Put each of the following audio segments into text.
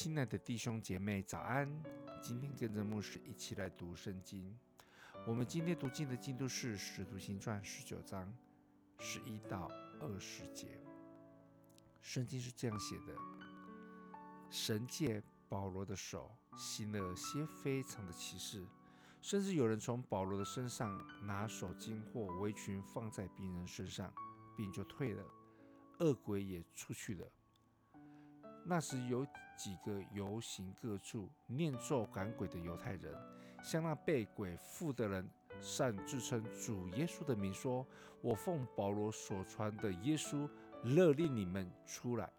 親愛的弟兄姐妹，早安！今天跟着牧師一起來讀聖經。我們今天讀經的進度是《使徒行傳》十九章十一到二十節。聖經是這樣寫的：神藉保羅的手行了些非常的奇事，甚至有人從保羅的身上拿手巾或圍裙放在病人身上，病就退了，惡鬼也出去了。那時有。幾個遊行各處念咒趕鬼的猶太人，向那被鬼附的人，擅自稱主耶穌的名，說：“我奉保羅所傳的耶穌，勒令你們出來。”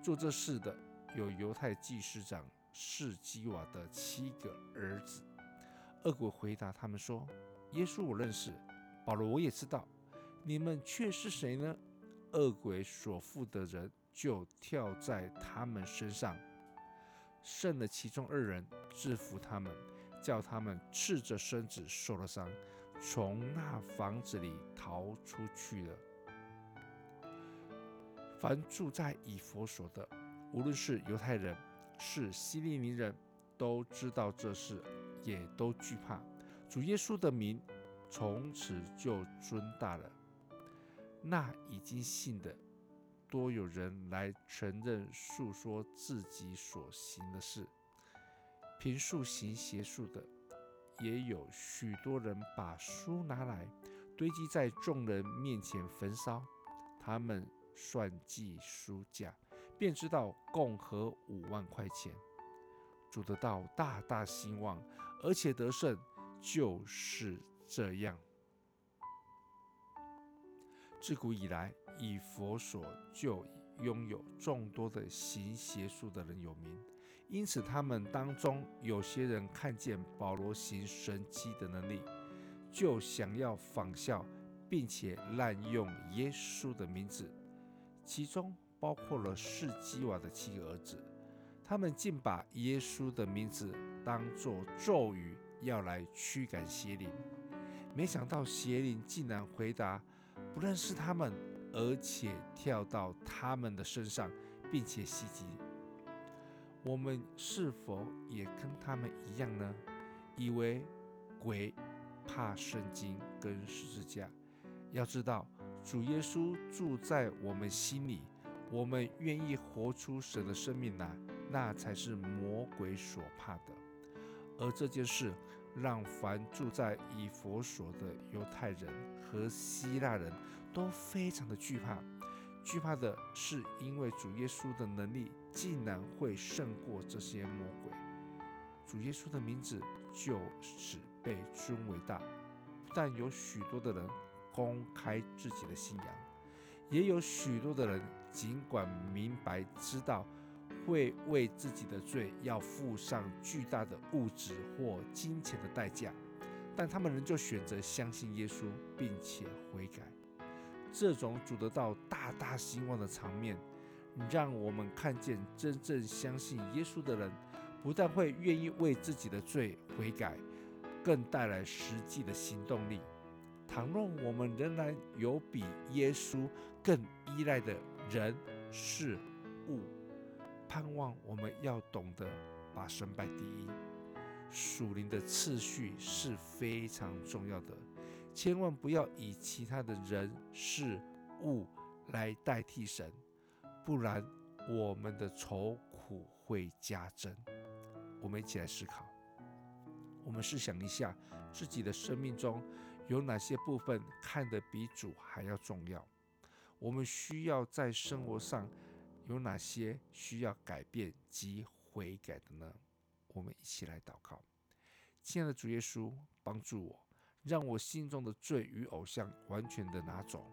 做這事的有猶太祭司長士基瓦的七個兒子。惡鬼回答他們說：“耶穌我認識，保羅我也知道，你們卻是誰呢？”惡鬼所附的人。就跳在他們身上，勝了其中二人，制伏他們，叫他們赤着身子受了傷，從那房子裡逃出去了。凡住在以弗所的，無論是猶太人，是希利尼人，都知道這事，也都懼怕。主耶穌的名從此就尊大了。那已經信的。多有人來承認訴說自己所行的事。平素行邪術的，也有許多人把書拿來堆積在眾人面前焚燒，他們算計書價，便知道共合五萬塊錢。主的道大大興旺，而且得勝，就是這樣。自古以來，以弗所就擁有眾多的行邪術的人有名，因此他們當中有些人看見保羅行神蹟的能力，就想要仿效，並且濫用耶穌的名字，其中包括了士基瓦的七個兒子，他們竟把耶穌的名字當作咒語，要來驅趕邪靈，沒想到邪靈竟然回答。不認識他們，而且跳到他們的身上，並且襲擊。我們是否也跟他們一樣呢？以為鬼怕聖經跟十字架。要知道，主耶穌住在我們心裡，我們願意活出神的生命來，那才是魔鬼所怕的。而這件事，讓凡住在以弗所的猶太人和希臘人都非常的懼怕，懼怕的是因為主耶穌的能力竟然會勝過這些魔鬼。主耶穌的名字就是被尊為大。但有許多的人公開自己的信仰，也有許多的人儘管明白知道。會為自己的罪要付上巨大的物質或金錢的代價，但他們仍舊選擇相信耶穌，並且悔改。這種主的道大大興旺的場面，讓我們看見真正相信耶穌的人，不但會願意為自己的罪悔改，更帶來實際的行動力。倘若我們仍然有比耶穌更依賴的人事物，盼望我們要懂得把神擺第一，屬靈的次序是非常重要的，千萬不要以其他的人事物來代替神，不然我們的愁苦會加增。我們一起來思考，我們試想一下自己的生命中有哪些部分看得比主還要重要？我們需要在生活上。有哪些需要改變及悔改的呢？我們一起來禱告，親愛的主耶穌，幫助我，讓我心中的罪與偶像完全的拿走，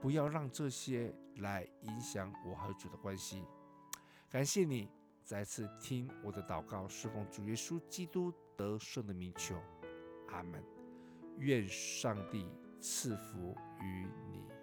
不要讓這些來影響我和主的關係。感謝你再次聽我的禱告，侍奉主耶穌基督得勝的名求，阿門。願上帝賜福於你。